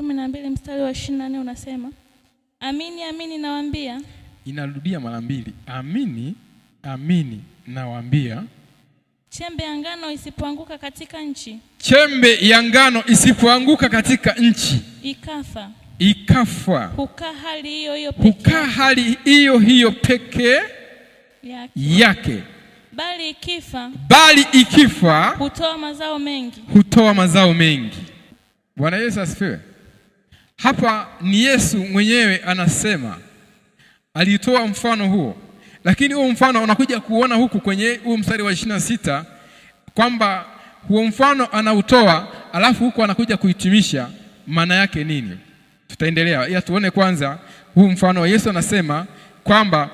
kumi na mbili mstari wa ishirini na nne unasema amini amini nawaambia, inarudia mara mbili, amini amini nawaambia, chembe ya ngano isipoanguka katika nchi, chembe ya ngano isipoanguka katika nchi ikafa ikafa hukaa hali hiyo hiyo peke, hali hiyo hiyo peke yake, yake. Bali ikifa, bali ikifa hutoa mazao mengi, hutoa mazao mengi. Bwana Yesu asifiwe. Hapa ni Yesu mwenyewe anasema, alitoa mfano huo, lakini huo mfano unakuja kuona huku kwenye huu mstari wa ishirini na sita kwamba huo mfano anautoa, alafu huku anakuja kuhitimisha maana yake nini. Tutaendelea, ila tuone kwanza huu mfano wa Yesu anasema kwamba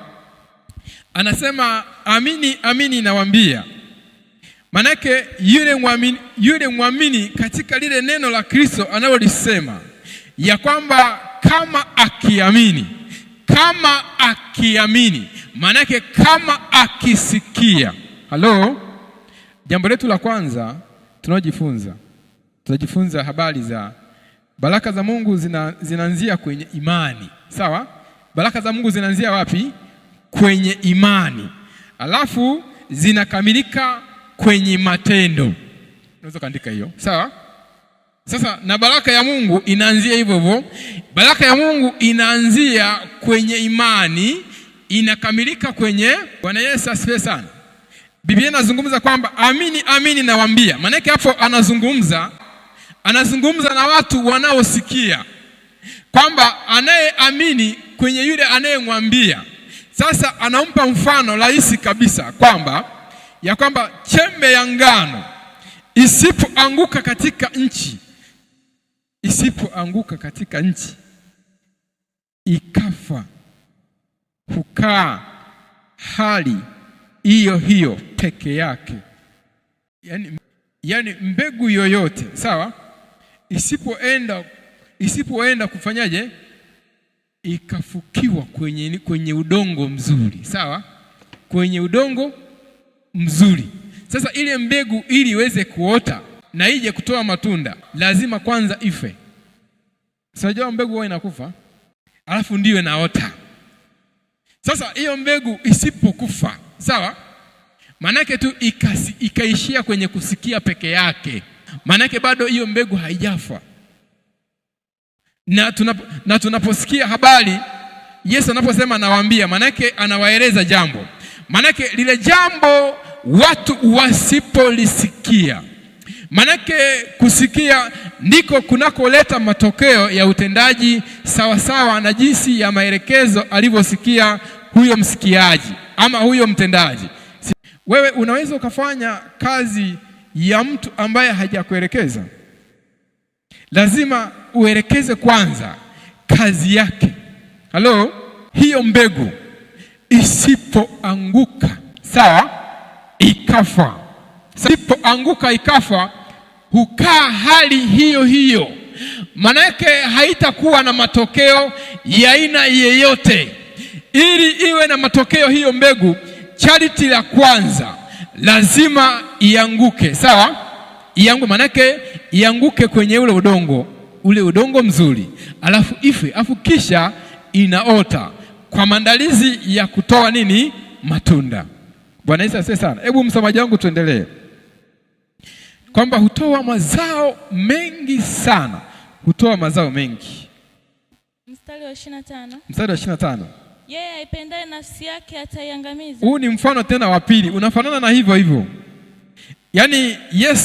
anasema amini, amini nawaambia. Maanake yule mwamini, yule mwamini katika lile neno la Kristo analolisema ya kwamba kama akiamini, kama akiamini, maanake kama akisikia. Halo, jambo letu la kwanza tunaojifunza, tunajifunza habari za baraka za Mungu zina, zinaanzia kwenye imani, sawa? Baraka za Mungu zinaanzia wapi? Kwenye imani, alafu zinakamilika kwenye matendo. Unaweza kaandika hiyo, sawa? Sasa na baraka ya Mungu inaanzia hivyo hivyo. Baraka ya Mungu inaanzia kwenye imani, inakamilika kwenye Bwana Yesu. Asifiwe sana. Biblia inazungumza kwamba amini amini nawaambia, yake hapo anazungumza anazungumza na watu wanaosikia kwamba anayeamini kwenye yule anayemwambia. Sasa anampa mfano rahisi kabisa kwamba ya kwamba chembe ya ngano isipoanguka katika nchi isipoanguka katika nchi ikafa, hukaa hali hiyo hiyo peke yake. Yani, yani mbegu yoyote sawa, isipoenda isipoenda kufanyaje, ikafukiwa kwenye, kwenye udongo mzuri sawa, kwenye udongo mzuri. Sasa ile mbegu ili iweze kuota na ije kutoa matunda lazima kwanza ife. Sinajua mbegu huwa inakufa alafu ndiyo inaota. Sasa hiyo mbegu isipokufa, sawa, maanake tu ikasi, ikaishia kwenye kusikia peke yake, maanake bado hiyo mbegu haijafa. Na, tunap, na tunaposikia habari Yesu anaposema anawaambia, maanake anawaeleza jambo, maanake lile jambo watu wasipolisikia Manake kusikia ndiko kunakoleta matokeo ya utendaji sawasawa na jinsi ya maelekezo alivyosikia huyo msikiaji ama huyo mtendaji. Wewe unaweza ukafanya kazi ya mtu ambaye hajakuelekeza. Lazima uelekeze kwanza kazi yake. Halo, hiyo mbegu isipoanguka sawa, ikafa. Isipoanguka ikafa hukaa hali hiyo hiyo, manake haitakuwa na matokeo ya aina yeyote. Ili iwe na matokeo hiyo mbegu, chariti la kwanza lazima ianguke, sawa? Ianguke maanake ianguke kwenye ule udongo, ule udongo mzuri, alafu ife, alafu kisha inaota kwa maandalizi ya kutoa nini? Matunda. Bwana Yesu asifiwe sana. Hebu msamaji wangu tuendelee kwamba hutoa mazao mengi sana, hutoa mazao mengi. Mstari wa 25, mstari wa 25, yeye aipendaye nafsi yake ataiangamiza. Huu ni mfano tena wa pili, unafanana na hivyo hivyo, yaani Yesu